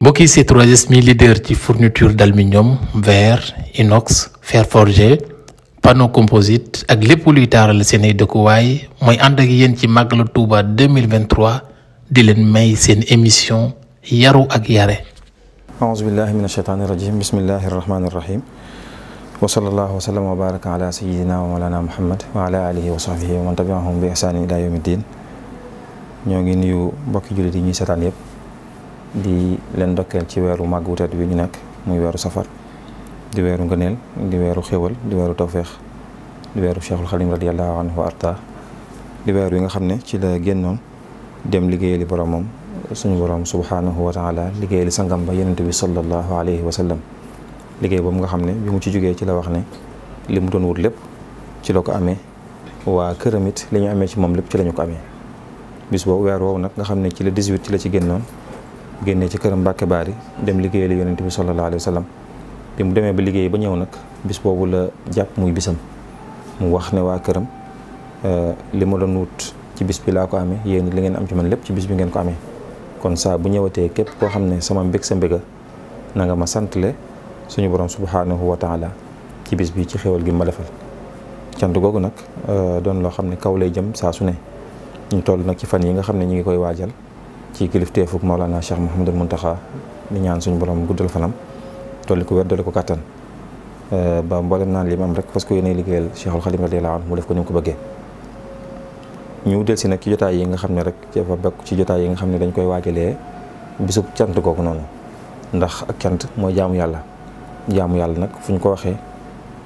mbokki c'est 3S mi leader ci fourniture d'aluminium verre inox fer forgé panneau composite ak lépp luy taaral seen ay dëkkuwaay mooy ànd ak yéen ci màggalu Touba 2023 di leen may seen émission yaru ak yare aouzu billahi min ashaytaani rajim bismillahi rahmaani rahim wa sallallahu wa sallam wa baraka ala sayidina wa mawlana muhammad wa ala alihi wa sahbihi wa man bi ihsaanin ñoo ngi nuyu mbokki jullit yi ñuy seetaan yëpp di leen ndokkeel ci weeru màgg wutet bi ñu nekk muy weeru safar di weeru ngëneel di weeru xéwal di weeru tawféex di weeru cheikhul xalim radiallahu anhu wa arta di weer wi nga xam ne ci la génnoon dem liggéeyali boromam suñu borom subhanahu wa taala liggéeyali sangam ba yonent bi sallallahu alayhi wa sallam liggéey boobu nga xam ne bi mu ci jógee ci la wax ne li mu doon wut lépp ci la ko amee waa këramit li ñu amee ci moom lépp ci lañ ko amee bis boobu weer woowu nag nga xam ne ci la 18 ci la ci génnoon génne ci këram Mbàkke Baari dem liggéeyal yonent bi sallallahu alayhi wa sallam bi mu demee ba liggéey ba ñëw nag bis boobu la jàpp muy bisam mu wax ne waa këram euh, li ma doon wut ci bis bi laa ko amee yéen li ngeen am ci man lépp ci bis bi ngeen ko amee kon saa bu ñëwatee képp koo xam ne sama mbég sa mbéga na nga ma santle suñu borom subhaanahu wa taala ci bis bi ci xewal gi ma defal cant googu nag euh, doon loo xam ne kaw lay jëm saa su ne ñu toll nag ci fan yi nga xam ne ñu ngi koy waajal ci kilifteefuk Mawlana Cheikh Mouhamadul Mountakha taxa ñaan suñu borom guddal fanam dolli ko wér dolli ko kàttan eh, ba mboolem naan li mu am rek parce que yéen ay liggéeyal Cheikhul Khadim radiyallahu anhu mu def ko ni mu ko bëggee. ñu del nag ci jotaay yi nga xam ne rek dafa bokk ci jotaay yi nga xam ne dañ koy waajalee bisub cant kooku noonu ndax ak cant mooy jaamu yàlla jaamu yàlla nag fu ñu ko waxee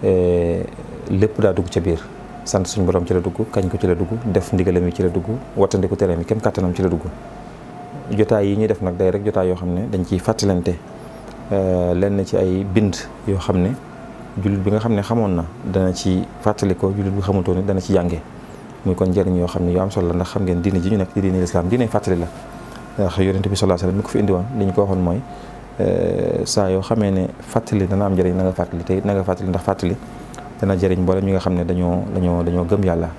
eh, lépp daa dugg ca biir. sant suñ borom ci la dugg kañ ko ci la dugg def ndigalam yi ci la dugg wattandiku tereem yi kem kàttanam ci la dugg. jotaay yi ñuy def nag day rek jotaay yoo xam ne dañ ciy fàttalante euh, lenn ci ay bind yoo xam ne jullit bi nga xam ne xamoon na dana ci fàttali ko jullit bi xamutoo ne dana ci jànge muy kon njëriñ yoo xam ne yoo am solo la ndax xam ngeen diine ji ñu nekk di diine lislaam fàttali la ndax yonent bi ko fi indiwoon li ñu ko waxoon mooy euh, saa yoo xamee ne fàttali dana am njëriñ na nga fàttali te it na nga fàttali ndax fàttali dana jëriñ mboolem mi nga xam ne dañoo dañoo dañoo gëm yàlla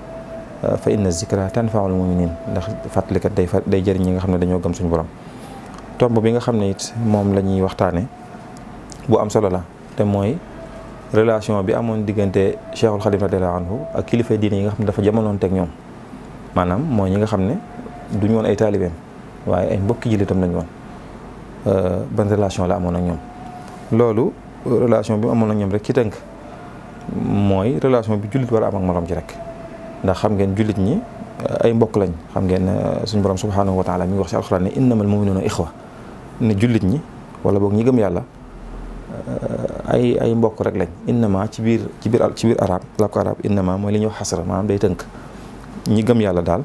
fa inna zikra tanfaul muminin ndax fàttalikat day day jëriñ ñi nga xam ne dañoo gëm suñu borom tomb bi nga xam ne it moom la ñuy waxtaane bu am solo la te mooy relation bi amoon diggante Cheikhul Khadim radiyallahu ak kilifa diine yi nga xam ne dafa jamonoon teg ñoom maanaam mooy ñi nga xam ne duñu woon ay taalibeem waaye ay mbokki jullitam lañu woon euh, ban relation la amoon ak ñoom loolu relation bi amoon ak ñoom rek ci tënk mooy relation bi jullit war a am ci rek ndax xam ngeen jullit ñi eh, ay mbokk lañ xam ngeen eh, suñu borom subhanahu wa taala mi ngi wax ci alxuraan ne innamal muminuna ixwa ne jullit ñi wala boog ñi gëm yàlla eh, ay ay mbokk rek lañ innama ci biir ci biir ci biir arab mooy li ñuy wax day tënk ñi gëm yàlla daal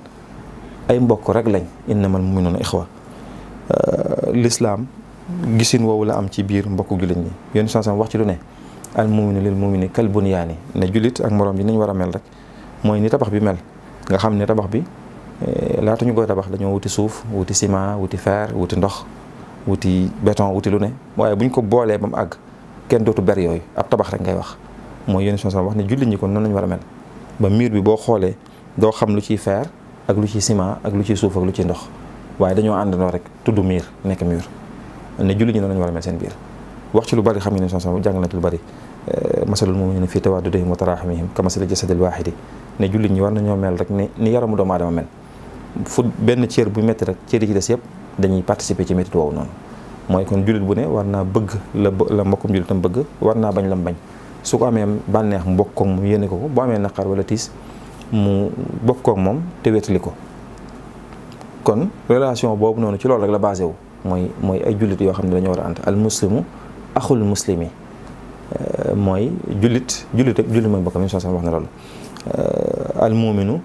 ay mbokk rek lañ innamal muminuna ixwa lislaam gisin woowu la am ci biir mbokku jullit ñi yéen sansam wax ci lu ne al muminu lil mumini kal bunyaani ne jullit ak morom bi nañ war a mel rek mooy ni tabax bi mel nga xam ne tabax bi eh, laata ñu koy tabax dañoo wuti suuf wuti ciment wuti fer wuti ndox wuti beton wuti lu ne waaye bu ko boolee ba mu àgg kenn dootu ber yooyu ab tabax rek ngay wax mooy yéen sama wax ne julli ñi kon noonu nañ war a mel ba mur bi boo xoolee doo xam lu ciy fer ak lu ciy ciment ak lu ci suuf ak lu ciy ndox waaye dañoo àndandoo rek tudd mur nekk mur ne jullit ñi noonu lañu war a mel seen biir wax ci lu bari xam ne sama jàng na ci lu bari Eh, masalul muminina fii tawaddudihim wa taraaxumihim ka masali jasadil waaxidi ne jullit ñi war nañoo mel rek ni ni yaramu doomu aadama mel fu benn cër bu métti rek cër yi ci des yëpp dañuy participer ci métti woowu noonu mooy kon jullit bu ne war naa bëgg la la mbokkum jullitam bëgg war naa bañ la lam bañ su ko amee bànneex mu bokk yéene ko ko bu amee naqar wala mu bokk koog moom te wétali ko kon relation boobu noonu ci loolu rek la basé wu mooy mooy ay jullit yoo xam ne dañoo war a ànd al muslimu axul muslimi Euh, mooy jullit jullit rek jullit mooy bokkam yi soo wax na loolu euh, al muuminu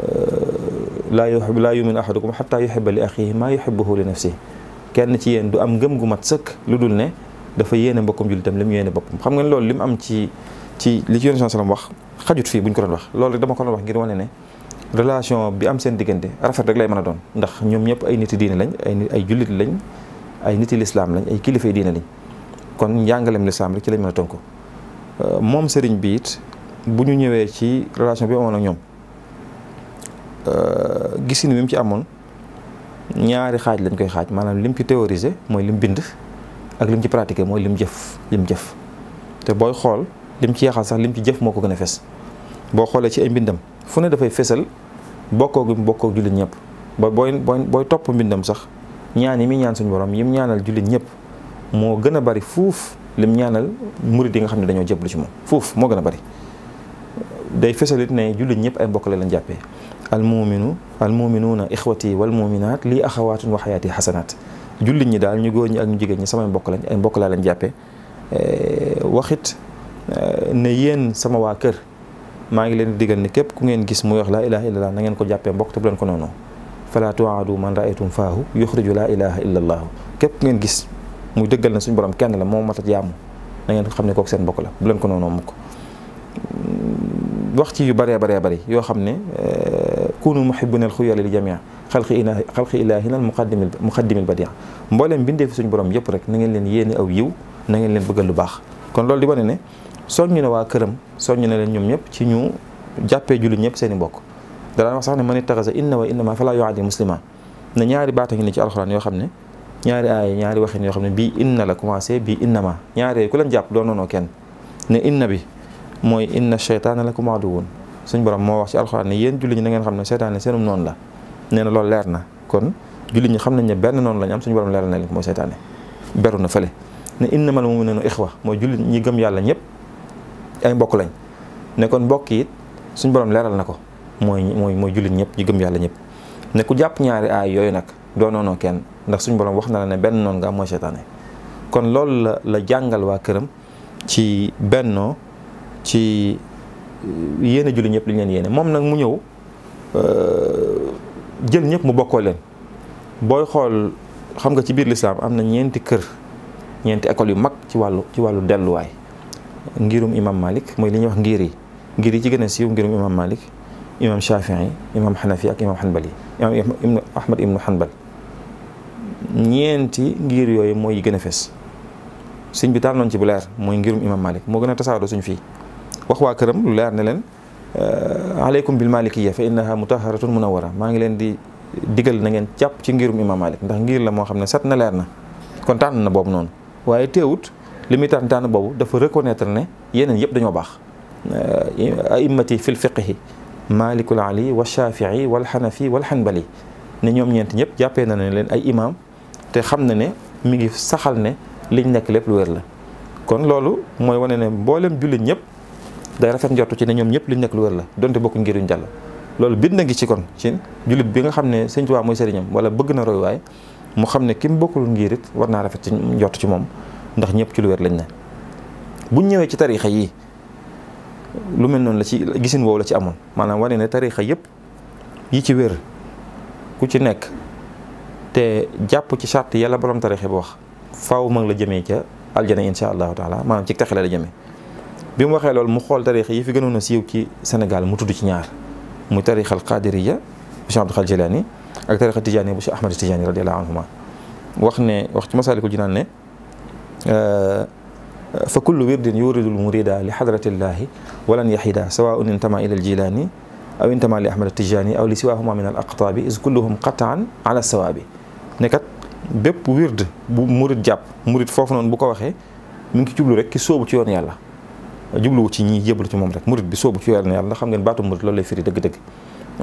euh, laa yuhibbu laa yu'minu ahadukum hattaa yuhibba li axiihi maa yuhibbuhu li nafsihi kenn ci yéen du am ngëm gu mat sëkk lu dul ne dafa yéene mbokkam jullitam li mu yéene boppam xam nga ne loolu li mu am ci ci li ci yonent sallam wax xajut fii bu ñu ko doon wax loolu rek dama ko doon wax ngir wane ne relation bi am seen diggante rafet rek lay mën a doon ndax ñoom ñëpp ay niti diine lañ ay ay jullit lañ ay niti lislaam lañ ay kilifay diine kon njàngaleem lislaam rek ci lañ mën a tënku euh, moom sëriñ bi it bu ñu ñëwee ci relation bi amoon ak ñoom euh, gisin bi mu ci amoon ñaari xaaj lañ koy xaaj maanaam lim ci théorisé mooy lim bind ak lim ci pratiqué mooy lim jëf lim jëf te booy xool lim ci yaxal sax lim ci jëf moo ko gën a fes boo xoolee ci ay mbindam fu ne dafay fesal bokkoo gi mu bokkoo jullit ñëpp ba booy booy booy topp mbindam sax ñaan yi muy ñaan suñu borom yim ñaanal jullit ñëpp moo gën a bari fuuf lim ñaanal murid yi nga xam ne dañoo jébbalu ci moom fuuf moo gën a bari day fesalit ne jullit ñëpp ay mbokk la lañ jàppee almuminu almuminuuna ixwati wal muminaat lii axawaatun wa xayaati xasanaat ñi daal ñu góor ak jigéen ñi samay mbokk lañ ay mbokk laa lañ jàppee eh, waxit eh, ne yéen sama waa kër maa ngi leen di ni képp ku ngeen gis mu wax laa ilaha illallah na ngeen ko jàppee mbokk te bu leen ko noonu fala tuaadu man raaytum faahu yuxriju laa ilaha illa allaahu képp ku ngeen gis muy dëggal na suñu borom kenn la moo mat a jaamu na ngeen xam ne kooku seen bokk la bu leen ko noonu mukk wax ci yu bëree bëree bëri yoo xam ne eh, kunu muhibbina al xuyali li jamia xalqi ila xalqi ilahina al muqaddimil muqaddimil badia mbooleem bindee fi suñu borom yëpp rek na ngeen leen yéene aw yiw na ngeen leen bëggal lu baax kon loolu di wane ne soññu na waa këram soññu na leen ñoom ñëpp ci ñu jàppee jullit ñëpp seen i mbokk danaa wax sax ne man ittaxasa inna wa innama fala yuadi muslima ne ñaari baata ngi ne ci alxuraan yoo xam ne ñaari aay ñaari waxin yoo xam ne bii inna la commencé bii innama ñaari ku leen jàpp doo noonoo kenn ne inna bi mooy inna seytaane la kom aduwwun suñ borom moo wax ci alxuraan ne yéen julli ñi na ngeen xam ne seytaane seenum noonu la nee na loolu leer na kon julli ñi xam nañ ne benn noonu la am suñu borom leeral na leen ko mooy seytaane beru na fële ne innamal mu'minuuna ixwa mooy julli ñi gëm yàlla ñëpp ay mbokk lañ ne kon mbokk it suñ borom leeral na ko mooy mooy mooy jullit ñëpp ñu gëm yàlla ñëpp ne jàpp ñaari aay yooyu nag doo noonoo kenn ndax suñu borom wax na la ne benn noonu nga am mooy kon loolu la la jàngal waa këram ci bennoo ci euh, yéene julli ñëpp li ñu leen yéene moom nag mu ñëw euh, jël ñëpp mu bokkoo leen booy xool xam nga ci biir lislaam am na ñeenti kër ñeenti école yu mag ci wàllu ci wàllu delluwaay ngirum imam malik mooy li ñuy wax ngir yi ngir yi ci gën a siiw ngirum imam malik imam shafii imam xanafi ak imam xanbal yi imam ahmad ibnu xanbal ñeenti ngir yooyu mooy gën a fes bi bi tànnoon ci bu leer mooy ngirum imam malik moo gën a tasaaroo suñ fii wax waa këram lu leer ne leen euh, aleykum bil malikiya fa innaha mutaharatun munawara maa ngi leen di digal na ngeen jàpp ci ngirum imam malik ndax ngir la moo xam ne set na leer na kon na boobu noonu waaye teewut li muy tànn boobu dafa reconnaître ne yeneen yëpp dañoo baax euh, aimmati fil fiqhi malikul ali wa shafii wal xanafi wal xanbali ne ñoom ñeent ñëpp jàppee na ne leen ay imam te xam na ne mu ngi saxal ne liñ nekk lépp lu wér la kon loolu mooy wane ne mboolem jullit ñëpp day rafet njortu ci ne ñoom ñëpp liñ nekk lu wér la donte bokk ngiruñ jàll loolu bind na ngi ci kon ci jullit bi nga xam ne Sëñ Tuubaa mooy sëriñam wala bëgg na roy waay mu xam ne mu bokkul ngir it war naa rafet ci njort ci moom ndax ñëpp ci lu lañ ne buñ ñëwee ci tarixa yi lu mel noonu la ci gisin woowu la ci amoon maanaam wane ne tarixa yëpp yi ci wér ku ci nekk te jàpp ci charte yàlla borom tarixe bu wax faaw ma ngi la jëmee ca aljana insha allahu taala maanaam ci texe la jëmee bi mu waxee loolu mu xool tarixe yi fi gënoon a siiw ci Sénégal mu tudd ci ñaar muy tarixal qadiriya bu Cheikh Abdul Xaadir Jilaani ak tarixa tijaani bu Cheikh Ahmad Tijaani radiyallahu anhuma wax ne wax ci Masaalikul Jinaan ne euh, fa kullu wirdin yuridu l-murida li xadratillahi walan yaxida sawaun intama ila al-Jilaani aw intama li Ahmad Tijaani aw li siwahuma min al aqtaabi is kulluhum qataan ala sawaabi ne kat bépp wird bu murit jàpp murit foofu noonu bu ko waxee mu ngi jublu rek ki soobu ci yoon yàlla jubluwu ci ñi yëblu ci moom rek murit bi soobu ci yoon yàlla ndax xam ngeen baatu murit loolu lay firi dëgg-dëgg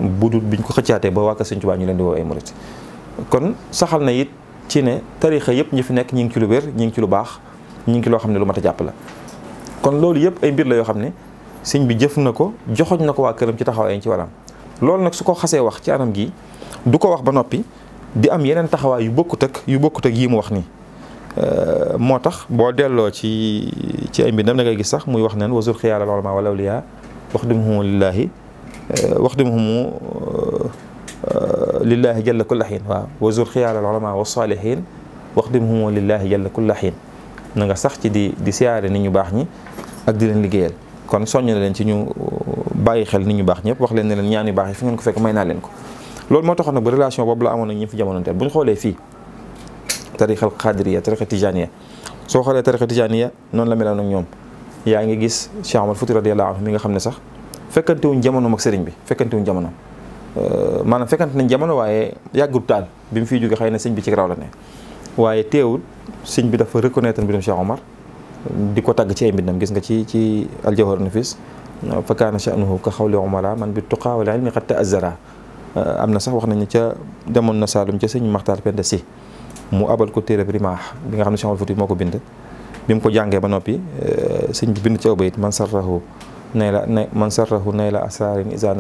bu dul ko xëccaatee ba waa Kër Sëñ Tuubaa leen di woo ay kon saxal na it ci ne tarixa yëpp ñi fi nekk ñi ngi ci lu wér ñi ngi ci lu baax ñi ngi ci loo xam ne lu mat kon loolu yëpp ay mbir la yoo xam ne sëñ bi jëf na ko joxoñ na ko waa këram ci taxawaay ci waram loolu nag su ko xasee wax ci anam gi du ko wax ba noppi di am yeneen taxawaay yu bokkut ak yu bokkut ak mu wax nii euh, moo tax boo delloo ci ci ay mbindam da ngay gis sax muy wax neen naan wasul xiyaara al ulama wal awliya waxdimuhumu lillaahi euh, waxdimuhumu euh, lillaahi jalla kulla xiin waaw wasul xiyaara al ulama wa saalihin waxdimuhumu lillaahi jalla kulla xiin na nga sax ci di di siyaare nit ñu baax ñi ak di leen liggéeyal kon soññ na ci ñu bàyyi xel nit ñu baax ñëpp wax leen ne leen ñaan fi ngeen ko fekk may naa leen ko loolu moo taxoon nag ba relation boobu la amoon na ñi fi jamono teel bu ñu xoolee fii tarixa xadiriya tarixa tijaniya soo xoolee tarixa tijaniya noonu la meloon ak ñoom yaa ngi gis Cheikh Omar Fouti radiyallahu anhu mi nga xam ne sax fekkante wuñ jamono ak seriñ bi fekkante wuñ jamono euh, maanaam fekkante nañ jamono waaye yàggut taal bi mu fi jóge xay na sëñ bi ci raw la ne waaye teewul sëñ bi dafa reconnaître mbirum Cheikh Omar di ko tagg ci ay mbindam gis nga ci ci aljawhar nafis fa kaana sha'nuhu ka xawli omara man bi tuqaa wal ilmi qad ta'azzara am na sax wax nañu ca demoon na Saalum ca sëñ Maxtaar Penda si mu abal ko téere primaax bi nga xam ne Cheikh Oumar moo ko bind bi mu ko jàngee ba noppi eh, sëñ bi bind ci aw bayit man sarrahu nay la na man sarrahu nay la asrarin isa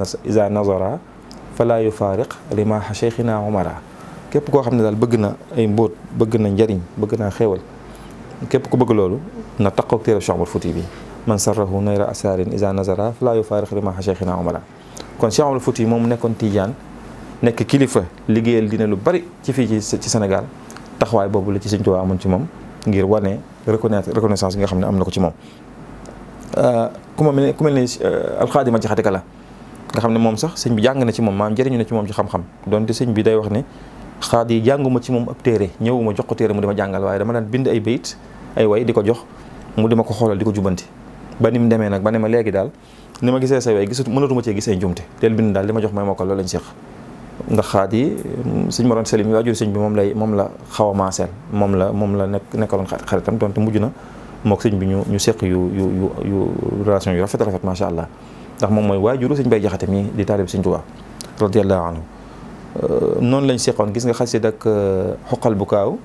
nazara fala yufaariq koo xam ne daal bëgg na ay mbóot bëgg na njariñ bëgg naa xéewal ku bëgg loolu na taqoog téere Cheikh Oumar Foutiyou bi man sarrahu nay la asrarin isa nazara fala yufaariq limaaha cheikhina kon Cheikh Omar Fouti moom nekkoon Tijaan nekk kilifa liggéeyal dina lu bari ci fii ci Sénégal taxawaay boobu la ci Sëñ Tuubaa amoon ci moom ngir wane reconnaître reconnaissance bi nga xam ne am na ko ci moom. Euh, ku ma mel ne ku mel ne euh, alxaadima jaxate la nga xam ne moom sax sëñ bi jàng na ci moom maam jëriñu na ci moom ci xam-xam donte sëñ bi day wax ne xaad yi jànguma ci moom ab téere ñëwuma jox ko téere mu dima jàngal waaye dama daan bind ay bayit ay way di ko jox mu dima ko xoolal di ko jubanti ba ni mu demee nag ba ne ma léegi daal ni ma gisee say way gisatu mënatuma cee gisee njumte teel bind daal li ma jox may mokkal loolu lañ séq nga xaat yi mm, sëñ Moroon Salim yi waajur sëñ bi moom lay moom la xaw a maaseel moom la moom la nekk nekkaloon xaritam donte mujj na mook sëñ bi ñu ñu séq yu yu yu yu relation yu rafet rafet macha allah ndax moom mooy waajuru sëñ Bay Jaxate mii di taalib sëñ Tuubaa radiyallahu anhu euh, noonu lañ seqoon gis nga si ak euh, xoqal bu kaaw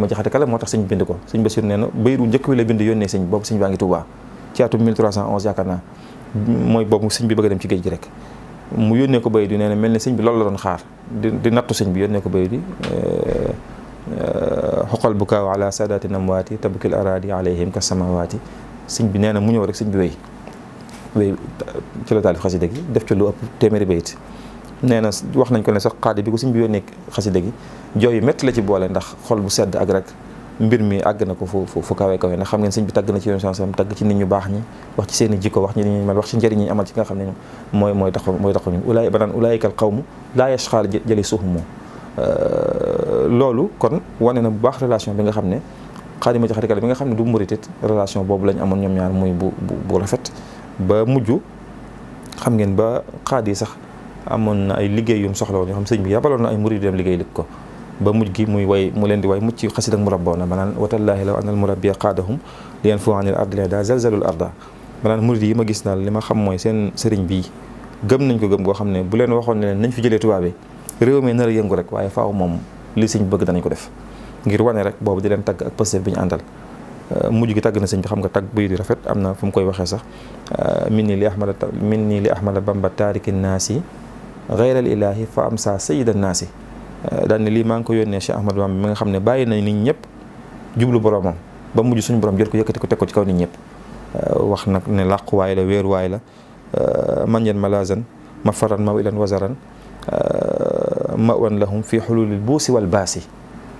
ma jaxate kala moo tax sëñ bind ko sëñ Basiir nee na bayru njëkk wi la bind yónnee sëñ boobu sëñ baa ngi Tuubaa ci atum 1311 yaakaar naa mooy boobu sëñ bi bëgg a dem ci géej gi rek mu yónnee ko baydu nee na mel ne sëñ bi loolu la doon xaar di di nattu sëñ bi yónnee ko bay baydu euh, xoqal bukaaw ala saadaati namwaati tabukil araadi alayhim ka samawaati sëñ bi nee na mu ñëw rek sëñ bi wéy wéy ci la taalif xasida gi def ci lu ëpp téeméeri bayit nee na wax nañ ko ne sax xaadi bi ko sëñ bi yónnee xasida gi jooy yu metti la ci boole ndax xol bu sedd ak rek mbir mi àgg na ko fu fu kawe kawe ndax xam ngeen sëñ bi tagg na ci yoon sansam tagg ci nit ñu baax ñi wax ci seen i jikko wax ci nit ñu man wax ci njëriñ ñi amal ci nga xam ne mooy mooy tax mooy taxu ñun ulaay banaan euh, loolu kon wane na bu baax relation bi nga xam ne xaadima ci xarikale bi nga xam ne du murit it relation boobu lañ amoon ñoom ñaar muy bu bu rafet ba mujj xam ngeen ba xaad yi sax amoon na ay liggéey yum soxla woon yoo xam sëñ bi yabaloon na ay murit dem liggéey lig ko ba mujj gi muy way mu leen di way mucc xasid ak murabboona maanaam watallaahi law anal murabbiya qaadahum li yanfuu anil ardi daa zalzalul arda maanaam murid yi ma gis naa li ma xam mooy seen sëriñ bii gëm nañ ko gëm goo xam ne bu leen waxoon ne leen nañ fi jëlee tubaab yi réew mi nar a yëngu rek waaye faaw moom li sëñ bëgg danañ ko def ngir wane rek boobu di leen tagg ak pëstéef bi ñu àndal euh, mujj gi tagg na sëñ xam nga tagg buy di rafet am na fu mu koy waxee sax euh, min nii li ahmada min nii li ahmada bamba taariki naasi gayral ilaahi fa am saa sayida naasi Euh, daan ne lii maa ngi ko yónnee Cheikh Ahmadou Bamba mi nga xam ne bàyyi nañ nit ñëpp jublu boromam ba mujj suñu borom jot ko yëkkati ko teg ci kaw nit ñëpp euh, wax nag ne làquwaay la wéeruwaay la euh, manjan malazan mafaran mawilan wazaran mawan lahum fi xululil buusi wal baasi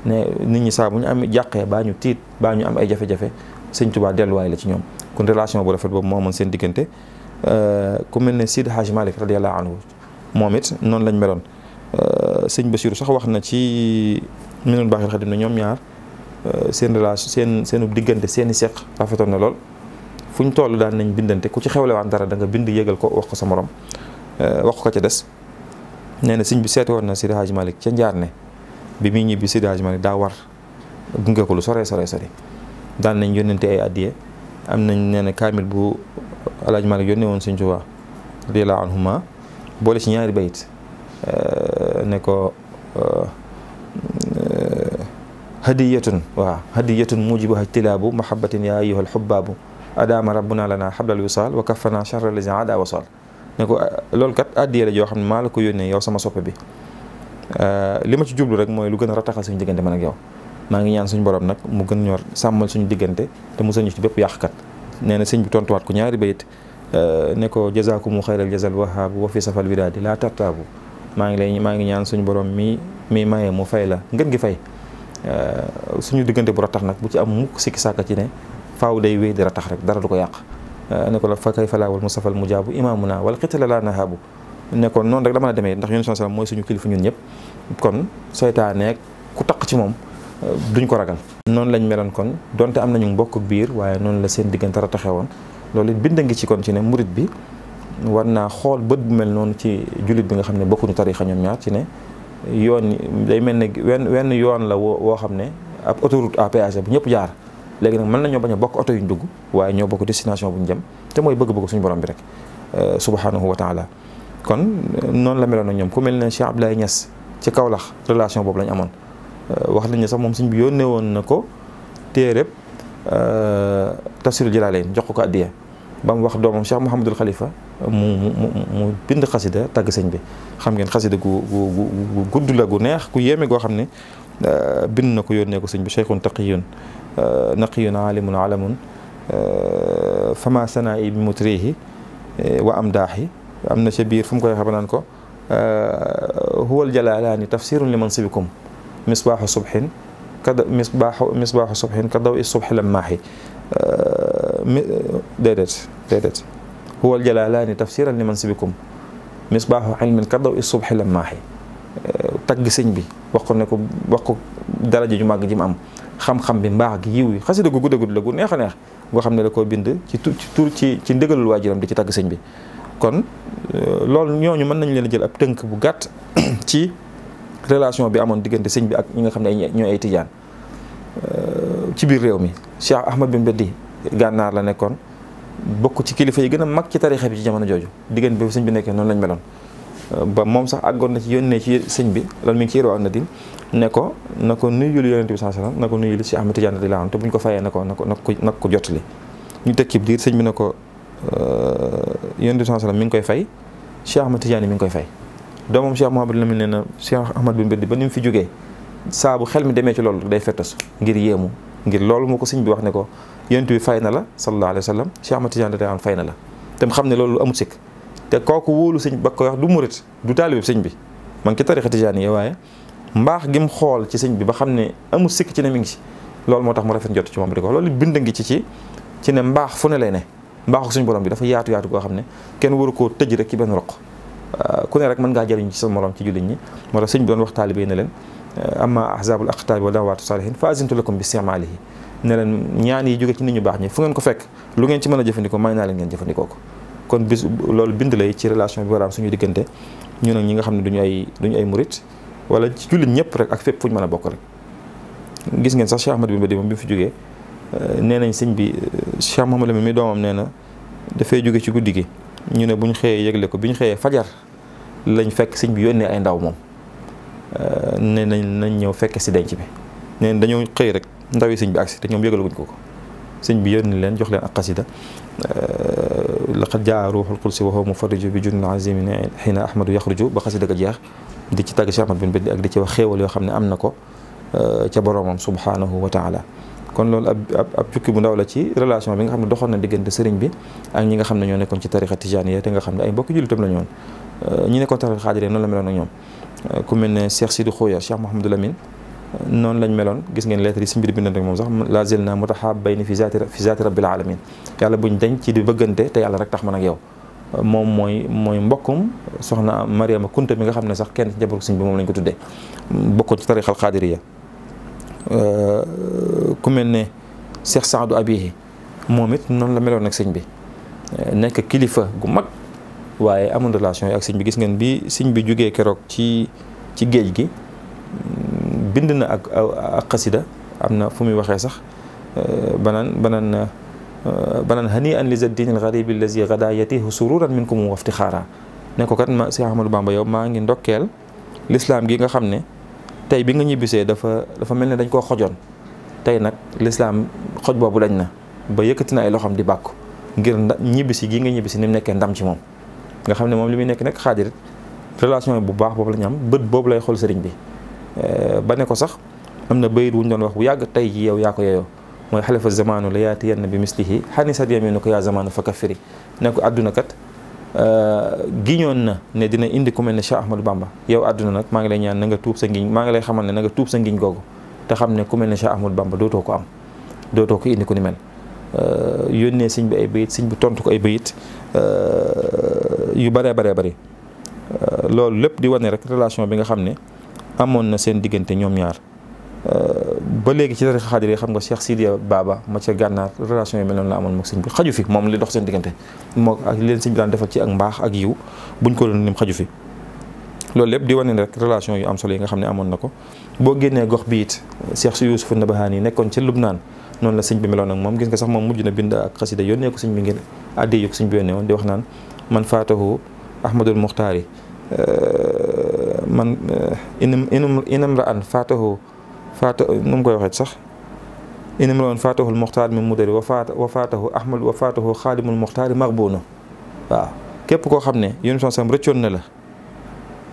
ne nit ñi saa bu ñu am jàqee baa ñu tiit baa ñu am ay jafe-jafe sëñ Tuubaa delluwaay la ci ñoom kon relation bu rafet boobu moo amoon seen diggante ku mel ne Sidi Hadj Malick radiyallahu anhu moom it noonu lañ meloon sëñ Bachir sax wax na ci Minanul Baaxil Xadim ne ñoom ñaar euh, seen relation seen seenu diggante seen i seq rafetoon na lool fu ñu toll daan nañ bindante ku ci xewlewaan dara da nga bind yëgal ko wax ko sa morom euh, wax ko ca des nee na sëñ bi seeti woon na Seydi Hadji Malick ca njaar ne bi muy ñibbi Seydi Hadji Malick daa war gunge ko lu sore sore sori daan nañ yónnante ay addiye am nañ nee na kaamil bu El Hadji Malick yónnee woon sëñ Tuubaa radiyallaahu anhuma boole ci ñaari Euh, ne ko euh, euh, hadiyatun waaw hadiyatun mujibuha tilaabu mahabatin ya ayuha alxubaabu adaama rabbuna lana xablal wisaal wa kafana charra lazi ada wasal ne ko loolu kat addiye la xam ne maa la ko yónnee yow sama soppe bi li ma ci jublu rek mooy lu gën a rataxal suñu diggante man ak yow maa ngi ñaan suñ borom nag mu gën ñor sàmmal suñu diggante te mu sañu ci bépp yàqkat nee na sëñ bi ko ñaari bayit ne ko jazaakumu xayral jazal wahaabu wa fi safal widaadi tartaabu maa ngi lay maa ngi ñaan suñu borom mi mi mu fay la ngeen gi fay euh, suñu diggante bu ratax nag bu ci am mukk sikki sàkka ci ne faaw day wéy di rek dara du ko yàq euh, ne ko la fa kay falaawal mu safal mu jaabu imaamu naa wala xitala laa nahaabu ne ko noonu rek la demee ndax ñun yonent sallam mooy suñu kilifa ñun ñëpp kon seytaane ku taq ci moom euh, duñ ko ragal noonu lañ meloon kon donte am nañu mbokk biir waaye noonu la seen diggante rataxee woon loolu it bind ngi ci kon ne murit bi war naa xool bët bu mel noonu ci jullit bi nga xam ne bokkuñu tarixa ñoom ñaar ci ne yoon day mel ne wenn wenn yoon la woo xam ne ab autoroute à péage bu ñëpp jaar léegi nag mën nañoo bañ a bokk oto yuñ dugg waaye ñoo bokk destination bu ñu jëm te mooy bëgg-bëgg suñu borom bi rek euh, subhanahu wa taala kon euh, noonu la meloon na ñoom ku mel ne Cheikh Abdoulaye Niass ci Kaolack relation boobu lañ amoon euh, wax nañu sax moom suñ bi yónnee woon na ko téereb tafsirul jalalayn jox ko ko ba mu wax doomam Cheikh Mouhamadul Khalifa mu mu mu bind xasida tagg sëñ bi xam ngeen xasida gu gu gu gudd la gu neex ku yéeme goo xam ne euh, bind na ko yónnee ko sëñ bi cheikhun taqiyun euh, naqiyun alimun alamun euh, fama sanaa'i bi mutrihi wa am daaxi am na ca biir fu mu koy xabanaan ko huwal jalaalaani tafsirun li mansibikum misbaaxu subxin kada misbaaxu misbaaxu subxin ka daw i subxi lam maaxi déedéet déedéet huwal jalaalaani tafsiran li man sibikum misbaahu ilmin kaddaw is subhi lam maaxi tagg sëñ bi wax ko ne ko wax ko daraja ju màgg ji mu am xam-xam bi mbaax gi yiw yi xasida gu gudd a gudd la gu neex a neex nga xam ne da koo bind ci tur ci tur ci ci ndigalul waajuram di ci tagg sëñ bi kon euh, loolu ñooñu mën nañ leen a jël ab tënk bu gàtt ci relation bi amoon diggante sëñ bi ak ñi nga xam ne ñooy ay tijaan euh, ci biir réew mi Cheikh Ahmad Bamba di gànnaar la nekkoon bokk ci kilifa yi gën a mag ci tarixa bi ci jamono jooju diggante bi sëñ bi nekkee noonu lañ meloon ba moom sax àggoon na ci ne ci sëñ bi loolu mi ngi ciy roo ak ne ko na ko nuyul yonent bi sallallahu na ko nuyul si Ahmad Tidiane radiyallahu anhu te bu na ko na ko na ko jotali ñu tekki diir sëñ bi ne ko euh, yonent bi sallallahu alayhi wasallam mi ngi koy fay Cheikh Ahmad Tidiane mi ngi koy fay doomam Cheikh Mouhamadou Lamine nee na Cheikh Ahmad bin Bedi ba nu mu fi jógee saabu xel mi demee ci loolu day fettas ngir yéemu ngir loolu moo ko sëñ bi wax ne ko yonent bi fay na la sallallahu alayhi wa sallam Cheikh Ahmad am fay na la te xam ne loolu amul sikk te kooku wóolu sëñ ba ko wax du murit du taalibe sëñ bi ma ngi ci tarixa Tidiane yi waaye mbaax gi mu xool ci sëñ bi ba xam ne amul sikk ci ne mu ngi ci loolu moo tax mu rafet jot ci moom di ko loolu bind ngi ci ci ci ne mbaax fu ne lay ne mbaaxu suñu borom bi dafa yaatu yaatu koo xam ne kenn waru koo tëj rek ki benn roq ku ne rek mën ngaa jëriñ ci sa morom ci jullit ñi moo tax doon wax taalibe ne leen am amma ahzabul aqtaabi wala waatu saalihin fa azintu lakum bi isticmaalihi ne leen ñaan yi jóge ci nit ñu baax ñi fu ngeen ko fekk lu ngeen ci mën a jëfandikoo may naa leen ngeen jëfandikoo ko kon bis loolu bind lay ci relation bi waraam suñu diggante ñu nag ñi nga xam ne duñu ay duñu ay murit wala ci jullit ñëpp rek ak fépp fu mën a bokk rek gis ngeen sax Cheikh Ahmad Bamba moom bi mu fi jógee eh, nee nañ sëñ bi eh, Cheikh Mouhamadou Lamine nee na dafay jóge ci guddi gi ñu ne buñ xëyee yëgle ko bi ñu xëyee fajar lañ fekk sëñ bi yónnee ay ndaw moom Euh, ne nañ nañ ñëw fekk si denc bi neen dañoo xëy rek ndaw yi sëñ bi agsi te ñoom yëgalaguñ ko ko sëñ bi yónni leen jox leen ak xasida euh, laqad jaa ruuxul qudsi wa huwa mufarriju bi junil azimi xiina ahmadu yaxruju jeex di ci tàgg Cheikh Ahmad bin Badi ak di ci wax xewal yoo xam ne am na ko euh, ca boroomam subhanahu wa taala kon loolu ab ab jukki bu ndaw la ci relation bi nga xam ne doxoon na diggante sëriñ bi ak ñi nga xam ne ñoo nekkoon ci tarixa tijaaniya te nga xam ne ay mbokki jullitam la ñoon ñi nekkoon tarixa xaajire noonu la meloon ak ñoom ku mel ne Cheikh Sidi Khouya Cheikh Mouhamadou Lamine noonu lañ meloon gis ngeen lettre yi si mbir bi moom sax la zel na mutahabbayni fi zaati fi zaati rabbil alamin yàlla buñ dañ ci di bëggante te yàlla rek tax man ak yow moom mooy mooy mbokkum soxna Mariama Kunta mi nga xam ne sax kenn ci njaboot sëñ bi moom lañ ko tuddee bokkoon ci tarixal xaadiriya euh, ku mel ne Cheikh Saadu Abihi moom it noonu la meloon nag sëñ bi nekk kilifa gu mag waaye amoon relation yi ak sëñ bi gis ngeen bi sëñ bi jógee keroog ci ci géej gi mm, bind na ak ak xasida am na fu muy waxee sax euh, banaan banaan euh, banaan hani an li zaddin al gharib allazi gada yatihu sururan minkum wa iftixaara ne ko kat ma si Ahmadou Bamba yow maa ngi ndokkeel lislaam gi nga xam ne tey bi nga ñibbisee dafa dafa mel ne dañ koo xojoon tey nag lislaam xoj boobu dañ na ba yëkkati na ay loxom di bàkku ngir ñibbisi gi nga ñibbisi ni mu nekkee ndam ci moom nga xam ne moom li muy nekk nekk xaadir relation bu baax boobu la ñu am bët boobu lay xool sëriñ bi eh, ba ne ko sax am na bayit wuñ doon wax bu yàgg tey ji yow yaa ko yeyoo mooy xalifa zamanu la yaati yenn bi mislihi xanisat yaminu ko yaa zamanu fa kafiri ne ko àdduna kat eh, giñoon na ne dina indi ku mel ne Cheikh Ahmadou Bamba yow àdduna nag maa ngi lay ñaan na nga tuub sa ngiñ maa ngi lay xamal ne na nga tuub sa ngiñ googu te xam ne ku mel ne Cheikh Ahmadou dootoo ko am dootoo ko indi ku eh, sëñ bi ay bayit sëñ bi tontu ko ay bayit yu bëree bëree bëri euh, loolu lépp di wane rek relation bi nga xam ne amoon na seen diggante ñoom ñaar euh, ba léegi ci tarixa xaadir yi xam nga Cheikh Sidiya Baba ma ca gànnaar relation yi mel noonu la amoon mook sëñ bi xaju fi moom li dox seen diggante moo leen sëñ bi daan defal ci ak mbaax ak yiw buñ ko doon lim xaju fi loolu lépp di wane ne rek relation yu am solo yi nga xam ne amoon na ko boo génnee gox bi it Cheikh si Yuusuf Nabahaani yi nekkoon ca noonu la sëñ bi meloon ak moom gis nga sax moom mujj na bind ak xasida yónnee ko sëñ bi ngeen addee yu ko bi yónnee di wax naan man faatahu ahmadul muxtaari man inam inam inam ra an faatahu faata nu mu koy waxee sax inam ra an faatahul muxtaar min mudari wa faata wa faatahu ahmad wa faatahu xaadimul muxtaari maxbuuna waaw képp koo xam ne yéen son sam rëccoon na la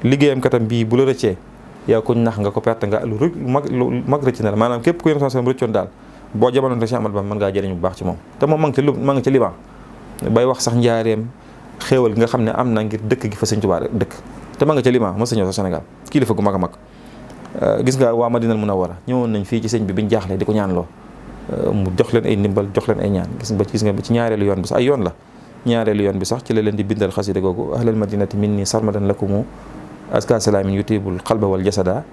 liggéeyam katam bii bu la rëccee yaa ko nax nga ko perte nga lu rëcc mag lu mag rëcc na la maanaam képp ku yéen son sam rëccoon daal boo jamono te si amal ba mën ngaa jëriñu bu baax ci moom te moom ma ngi ci lu ma ngi ci liban bay wax sax njaareem xéewal gi nga xam ne am na ngir dëkk gi fa sëñ Tuubaa dëkk te ma nga ca Lima mos a ñëw sa Sénégal kilifa gu mag a mag euh, gis nga waa Madinal Munawwara ñëwoon nañ fii ci sëñ bi biñ jaaxle di ko ñaanloo euh, mu jox leen ay ndimbal jox leen ay ñaan gis ba gis nga ci ñaareelu yoon bi sax ay yoon la ñaareelu yoon bi sax ci la leen di bindal xasida googu ahlal madinati minni sarmadan lakumu aska salaamin yutibul xalba wal jasada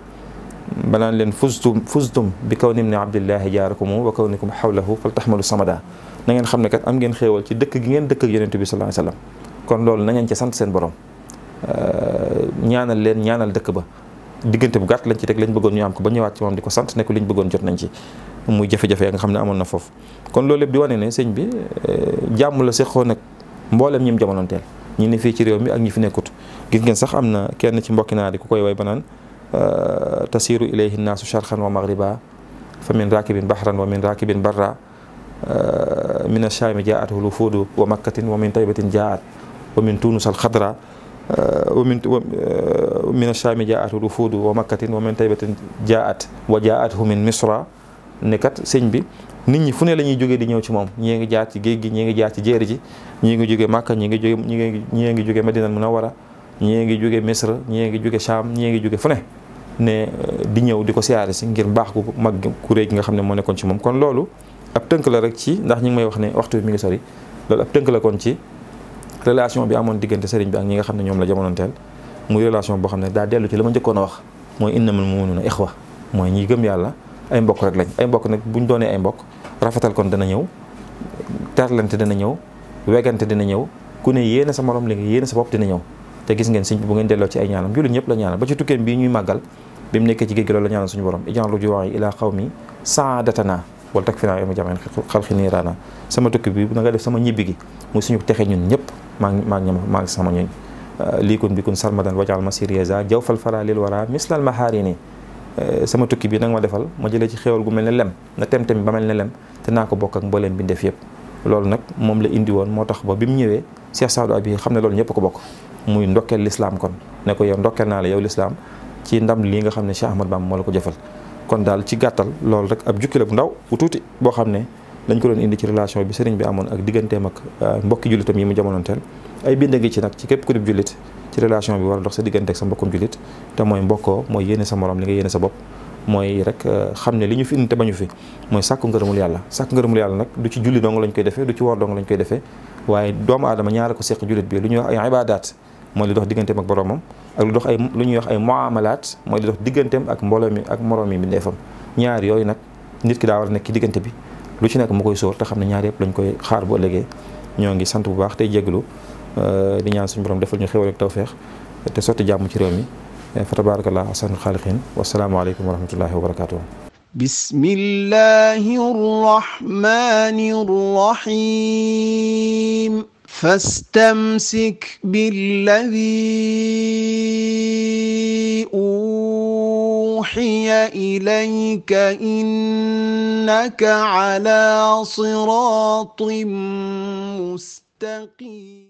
banaan leen fustum fustum bi kaw nim ne abdillahi jaarakumu wa kaw nikum xawlahu fal taxmalu samada na ngeen xam ci dëkk gi ngeen dëkk ak yonent bi sallallahu kon loolu na ngeen ci sant seen borom euh, ñaanal leen ñaanal dëkk ba diggante bu gàtt lañ ci rek lañ bëggoon ñu am ko ba ñëwaat ci moom di ko sant ne ko liñ bëggoon jot nañ ci muy jafe-jafe ya nga xam ne amoon na foofu kon lépp di wane ne sëñ bi euh, jàmm la seqoo nag mboolem ñim jamonoon teel ñi ne fii ci réew mi ak ñi fi nekkut gis ngeen sax am na kenn ci mbokki naa di ku koy way banaan euh, tasiru ilayhi naasu charxan wa maghriba fa min rakibin bahran wa min rakibin barra min achaami jaat hulu foodu wa makkatin wa min taybatin jaat wa min tunus al xadra wa min min achaami jaat rufuudu wa makkatin wa min taybatin jaat wa jaathu min misra ne kat sëñ bi nit ñi fu ne la ñuy jógee di ñëw ci moom ñee ngi jaar ci géej gi ñii ngi jaar ci jéeri ji ñii ngi jógee Màkka ñii ngi jóge ñii ngi jóge Madina Munawara ñii ngi jóge Misra ñii ngi jóge Cham ñii ngi jóge fu ne ne eh, di ñëw di ko siyaare si ngir baax gu mag ku réy gi nga xam ne moo nekkoon ci moom kon loolu ab tënk la rek ci ndax ñu may wax ne waxtu bi mi ngi sori loolu ab tënk relation bi amoon diggante sëriñ bi ak ñi nga xam ne ñoom la jamonoonteel muy relation boo xam ne daa dellu ci la ma njëkkoon a wax mooy innamal mu'minuuna ixwa mooy ñi gëm yàlla ay mbokk rek lañ ay mbokk nag buñ doonee ay mbokk rafetal kon dana ñëw dana ñëw wegante dina ñëw ku ne yéene sa morom li nga yéene sa bopp dina ñëw te gis ngeen sëñ bi bu ngeen delloo ci ay ñaanam jullit ñëpp la ñaanal ba ci tukkeem bii ñuy màggal bi mu nekkee ci géej gi la ñaanal suñu borom ijaan lu juwaayi ilaa xaw mi saadatana wala tak finaa yow ma jàmm xal xi nii raana sama tukki bi na nga def sama ñibbi gi muy suñu texe ñun ñëpp maa ngi maa ngi maa sama ñooñ euh, lii kon bi kon sarmadan wajaal ma siriesa jaw fal fara lil wara mislal ma xaari nii euh, sama tukki bi nanga ma defal ma jëlee ci xewal gu mel ne lem na tem-tem ba mel ne lem te naa ko bokk ak mbooleem bi def yëpp loolu nag moom la indi woon moo tax ba bi mu ñëwee Cheikh Saadu Abi xam ne loolu ñëpp ko bokk muy ndokkeel lislaam kon ne ko yow ndokkeel naa la yow lislaam ci ndam lii nga xam ne Cheikh Ahmad Bamba moo la ko jëfal kon daal ci gàttal loolu rek ab jukki la bu ndaw bu tuuti boo xam ne dañ ko doon indi ci relation bi sëriñ bi amoon ak digganteem ak euh, mbokki jullitam yi mu jamonoonteel ay bind ngi ci nag ci képp ku dib jullit ci relation bi war a dox sa diggante ak sa mbokkum jullit te morom li nga sa bopp mooy rek euh, xam li ñu fi indi te bañu fi mooy sàkku ngërëmul yàlla sàkku ngërëmul yàlla nag du ci julli dong lañ defee du ci woor dong lañ koy defee waaye doomu aadama ñaara ko seq jullit bi lu ñuy wax ay ibaadaat mooy li dox digganteem ak boromam ak lu dox ay lu ñuy wax ay muamalaat mooy lu dox digganteem ak mbooloo mi ak moroom mi mbindeefam ñaar yooyu nag nit ki daa war a nekk ci diggante bi lu ci nekk mu koy sóor te xam ne ñaar yëpp lañ koy xaar boo ëllëgee ñoo ngi sant bu baax tey jégalu euh, di ñaan suñu borom defal ñu xéwal ak tawféex te sotti jàmm ci réew mi euh, fa tabaarakallah ahsanul xaaliqiin wasalaamaaleykum wa rahmatullahi wa barakaatuh. bismillahi rahmaani rahiim. فاستمسك بالذي اوحي اليك انك على صراط مستقيم